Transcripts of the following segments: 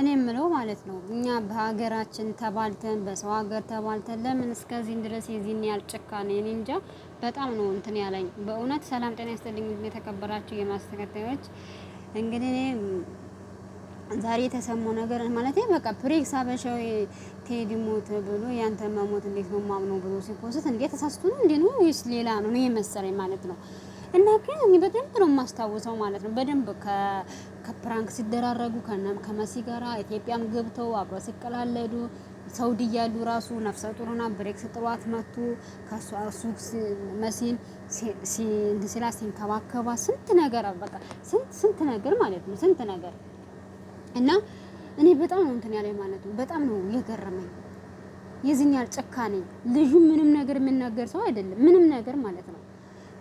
እኔ የምለው ማለት ነው እኛ በሀገራችን ተባልተን በሰው ሀገር ተባልተን ለምን እስከዚህ ድረስ የዚህን ያህል ጭካኔ? እኔ እንጃ በጣም ነው እንትን ያለኝ በእውነት። ሰላም ጤና ይስጥልኝ የተከበራችሁ የማስተከታዮች እንግዲህ እኔ ዛሬ የተሰማው ነገር ማለት በቃ ፕሬክስ አበሻዊ ቴዲ ሞት ብሎ ያንተ መሞት እንዴት ነው ማምነው ብሎ ሲፖስት እንዴ ተሳስቶ ነው እንዴ ነው ወይስ ሌላ ነው? እኔ መሰለኝ ማለት ነው እና ግን እኔ በደንብ ነው የማስታውሰው ማለት ነው። በደንብ ከፕራንክ ሲደራረጉ ከመሲ ጋራ ኢትዮጵያም ገብተው አብረው ሲቀላለዱ ሰውድ እያሉ ራሱ ነፍሰ ጡርና ብሬክ ስጥሏት መቱ ከሱ መሲን ሲላ ሲንከባከባ ስንት ነገር በቃ ስንት ስንት ነገር ማለት ነው ስንት ነገር እና እኔ በጣም ነው እንትን ያለኝ ማለት ነው። በጣም ነው የገረመኝ የዚህን ያህል ጭካኔ። ልጁ ምንም ነገር የሚናገር ሰው አይደለም ምንም ነገር ማለት ነው።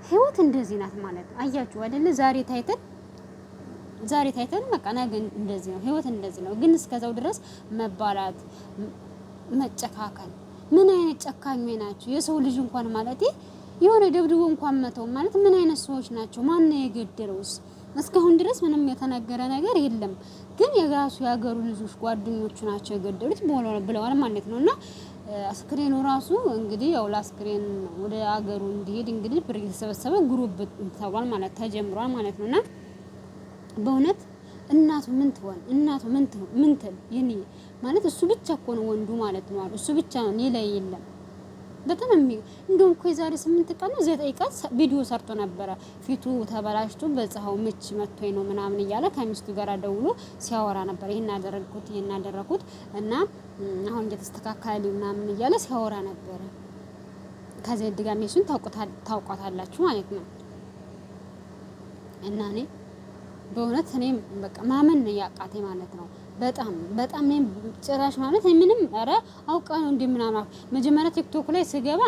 ህይወት እንደዚህ ናት ማለት ነው። አያችሁ አይደለ? ዛሬ ታይተን ዛሬ ታይተን በቃ ነገ እንደዚህ ነው። ህይወት እንደዚህ ነው። ግን እስከዛው ድረስ መባላት፣ መጨካከል ምን አይነት ጨካኞች ናቸው? የሰው ልጅ እንኳን ማለት የሆነ ደብድቦ እንኳን መተው ማለት ምን አይነት ሰዎች ናቸው? ማን ነው የገደለውስ? እስካሁን ድረስ ምንም የተነገረ ነገር የለም። ግን የራሱ የሀገሩ ልጆች ጓደኞቹ ናቸው የገደሉት ብለዋል ማለት ነው እና አስክሬኑ ራሱ እንግዲህ ያው ለአስክሬን ወደ አገሩ እንዲሄድ እንግዲህ ብር እየተሰበሰበ ግሩብ ተብሏል ማለት ተጀምሯል ማለት ነውና በእውነት እናቱ ምን ትሆን እናቱ ምን ምን ትል ይሄን ማለት እሱ ብቻ እኮ ነው ወንዱ ማለት ነው። እሱ ብቻ ነው ሌላ የለም። በጣም የሚ እንደውም እኮ የዛሬ ስምንት ቀን ነው ዘጠኝ ቀን ቪዲዮ ሰርቶ ነበረ። ፊቱ ተበላሽቶ በፀሐው ምች መጥቶኝ ነው ምናምን እያለ ከሚስቱ ጋር ደውሎ ሲያወራ ነበር። ይሄን አደረግኩት ይሄን አደረግኩት እና አሁን እንደተስተካከለ ምናምን እያለ ሲያወራ ነበረ። ከዚህ ድጋሚ እሱን ታውቋታላችሁ ማለት ነው እና እኔ በእውነት እኔም በቃ ማመን ያቃቴ ማለት ነው በጣም በጣም ጭራሽ ማለት ምንም አረ አውቃ ነው እንደምናማ መጀመሪያ ቲክቶክ ላይ ስገባ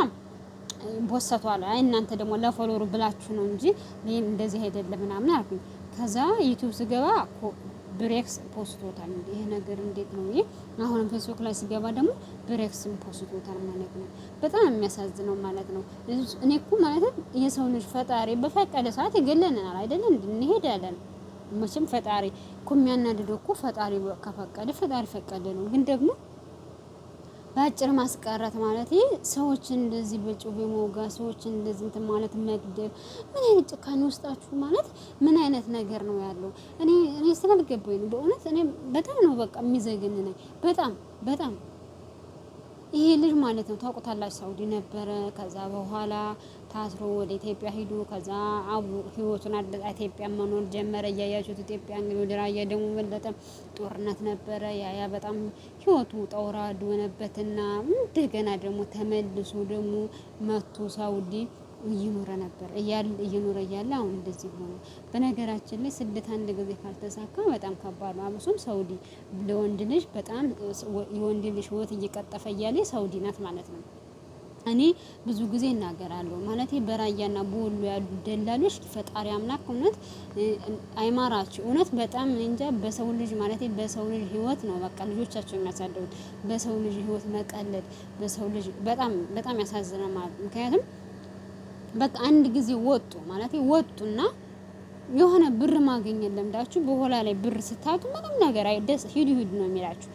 ቦሰቷል። አይ እናንተ ደግሞ ለፎሎወሩ ብላችሁ ነው እንጂ ይሄን እንደዚህ አይደለም ምናምን አልኩኝ። ከዛ ዩቲዩብ ስገባ ብሬክስ ፖስቶታል። ይሄ ነገር እንዴት ነው? ይሄ አሁንም ፌስቡክ ላይ ስገባ ደግሞ ብሬክስም ፖስቶታል ማለት ነው። በጣም የሚያሳዝነው ማለት ነው። እኔ እኮ ማለት የሰው ልጅ ፈጣሪ በፈቀደ ሰዓት ይገለናል አይደለም እንሄዳለን መቼም ፈጣሪ እኮ የሚያናድደው እኮ ፈጣሪ ከፈቀደ ፈጣሪ ፈቀደ ነው። ግን ደግሞ በአጭር ማስቀረት ማለት ሰዎች እንደዚህ በጩቤ መውጋ፣ ሰዎች እንደዚህ እንትን ማለት መግደል፣ ምን አይነት ጭካኔ ውስጣችሁ ማለት ምን አይነት ነገር ነው ያለው? እኔ እኔ ስላልገባኝ ነው በእውነት እኔ በጣም ነው በቃ የሚዘገንነኝ በጣም በጣም ይሄ ልጅ ማለት ነው ታውቁታላችሁ፣ ሳውዲ ነበረ። ከዛ በኋላ ታስሮ ወደ ኢትዮጵያ ሂዶ ከዛ አቡ ህይወቱን አደጣ። ኢትዮጵያ መኖር ጀመረ። እያያችሁት ኢትዮጵያ እንግዲህ ወደ ራያ ደግሞ በለጠ ጦርነት ነበረ። ያያ በጣም ህይወቱ ጠውራ ዶነበትና እንደገና ደግሞ ተመልሶ ደግሞ መቶ ሳውዲ እየኖረ ነበር እየኖረ እያለ አሁን እንደዚህ ሆነ። በነገራችን ላይ ስደት አንድ ጊዜ ካልተሳካ በጣም ከባድ ነው። አብሶም ሳውዲ ለወንድ ልጅ በጣም የወንድ ልጅ ህይወት እየቀጠፈ እያለ ሰውዲ ናት ማለት ነው። እኔ ብዙ ጊዜ እናገራለሁ ማለት በራያና በወሎ ያሉ ደላሎች ፈጣሪ አምላክ እውነት አይማራቸው። እውነት በጣም እንጃ በሰው ልጅ ማለት በሰው ልጅ ህይወት ነው በቃ ልጆቻቸው የሚያሳደጉት በሰው ልጅ ህይወት መቀለድ በሰው ልጅ በጣም በጣም ያሳዝናል ማለት ምክንያቱም በቃ አንድ ጊዜ ወጡ ማለት ወጡና የሆነ ብር ማገኘት ለምዳችሁ በኋላ ላይ ብር ስታጡ ምንም ነገር አይደስ ሂዱ ሂዱ ነው የሚላችሁ።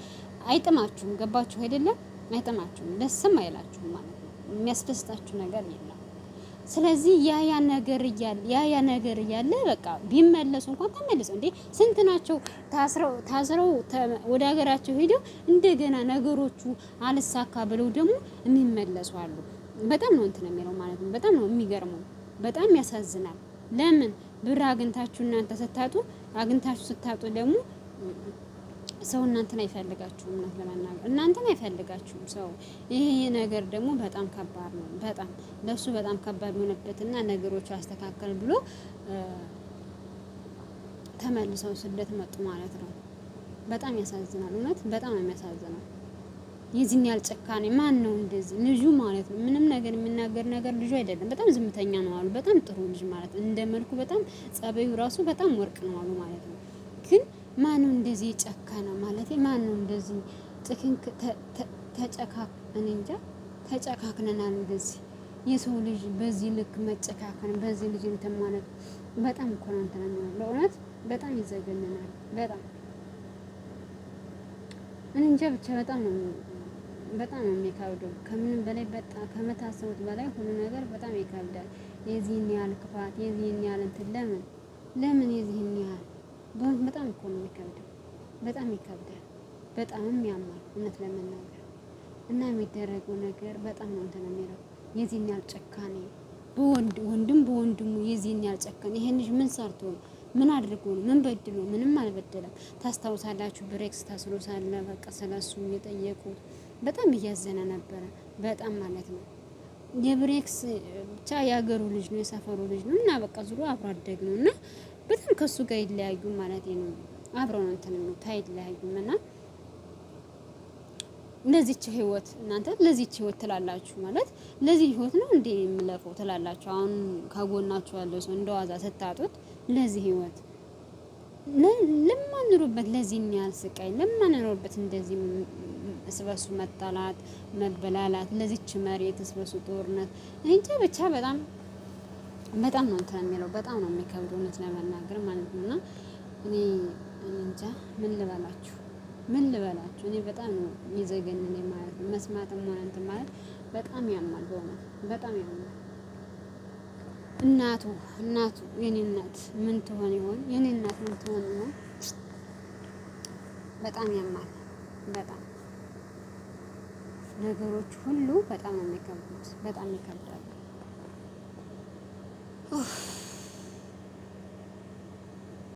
አይጥማችሁም። ገባችሁ አይደለም? አይጥማችሁም። ደስም አይላችሁም ማለት ነው። የሚያስደስታችሁ ነገር የለም። ስለዚህ ያ ያ ነገር እያለ ያ ያ ነገር እያለ በቃ ቢመለሱ እንኳን ተመልሰው እንዴ ስንት ናቸው ታስረው ታስረው ወደ ሀገራቸው ሄደው እንደገና ነገሮቹ አልሳካ ብለው ደግሞ የሚመለሱ አሉ። በጣም ነው እንትን የሚለው ማለት ነው። በጣም ነው የሚገርመው። በጣም ያሳዝናል። ለምን ብር አግኝታችሁ እናንተ ስታጡ አግኝታችሁ ስታጡ ደግሞ ሰው እናንተን አይፈልጋችሁም። እውነት ለመናገር እናንተን አይፈልጋችሁም ሰው። ይሄ ነገር ደግሞ በጣም ከባድ ነው። በጣም ለሱ በጣም ከባድ የሆነበትና ነገሮቹ አስተካከል ብሎ ተመልሰው ስደት መጡ ማለት ነው። በጣም ያሳዝናል። እውነት በጣም ነው የሚያሳዝነው። የዚህን ያህል ጨካኔ ማን ነው እንደዚህ? ልጁ ማለት ነው ምንም ነገር የሚናገር ነገር ልጁ አይደለም። በጣም ዝምተኛ ነው አሉ። በጣም ጥሩ ልጅ ማለት እንደ መልኩ በጣም ጸበዩ ራሱ በጣም ወርቅ ነው አሉ ማለት ነው። ግን ማን ነው እንደዚህ ጨካና ማለት ማን ነው እንደዚህ ጥክንክ ተጨካክ እኔ እንጃ ተጨካክነናል። እንደዚህ የሰው ልጅ በዚህ ልክ መጨካከን በዚህ ልጅ እንትን ማለት በጣም እኮ ነው እንትን ነው በእውነት በጣም ይዘገንናል። በጣም እንጃ ብቻ በጣም ነው በጣም ነው የሚከብደው። ከምንም በላይ በጣም ከመታሰቡት በላይ ሁሉ ነገር በጣም ይከብዳል። የዚህን ያህል ክፋት፣ የዚህን ያህል እንትን ለምን ለምን የዚህን ያህል በጣም እኮ ነው የሚከብደው። በጣም ይከብዳል። በጣምም ያማል እውነት ለመናገር እና የሚደረገው ነገር በጣም ነው እንትን የሚለው የዚህን ያህል ጨካኔ በወንድ ወንድም በወንድሙ የዚህን ያህል ጨካኔ። ይሄን ልጅ ምን ሰርቶ ነው ምን አድርጎ ነው ምን በድሎ? ምንም አልበደለም። ታስታውሳላችሁ ብሬክስ ታስሮ ሳለ በቃ ስለሱ የጠየቁት በጣም እያዘነ ነበረ። በጣም ማለት ነው። የብሬክስ ብቻ የሀገሩ ልጅ ነው፣ የሰፈሩ ልጅ ነው እና በቃ ዙሮ አብሮ አደግ ነው እና በጣም ከእሱ ጋር ይለያዩ ማለት ነው። አብረው ነው እንትን ነው የሚሉት አይለያዩም እና ለዚች ህይወት እናንተ ለዚች ህይወት ትላላችሁ ማለት ለዚህ ህይወት ነው እንዴ የምለፈው ትላላችሁ። አሁን ካጎናችሁ ያለው ሰው እንደዋዛ ስታጡት ለዚህ ህይወት ለማንኖርበት ለዚህ ያህል ስቃይ ለማንኖርበት እንደዚህ እስበሱ መጣላት፣ መበላላት ለዚች መሬት እስበሱ ጦርነት እንጂ ብቻ በጣም በጣም ነው እንትን የሚለው በጣም ነው የሚከብድ እውነት ለመናገር ማለት ነው። እና እኔ እንጃ ምን ልበላችሁ ምን ልበላችሁ እኔ በጣም ነው ይዘገንን ማለት ነው። መስማትም ሆነ እንትን ማለት በጣም ያማል፣ በእውነት በጣም ያማል። እናቱ እናቱ የኔ እናት ምን ትሆን ይሆን? የኔ እናት ምን ትሆን ይሆን? በጣም ያማል በጣም ነገሮች ሁሉ በጣም የሚከብዱት፣ በጣም ይከብዳሉ።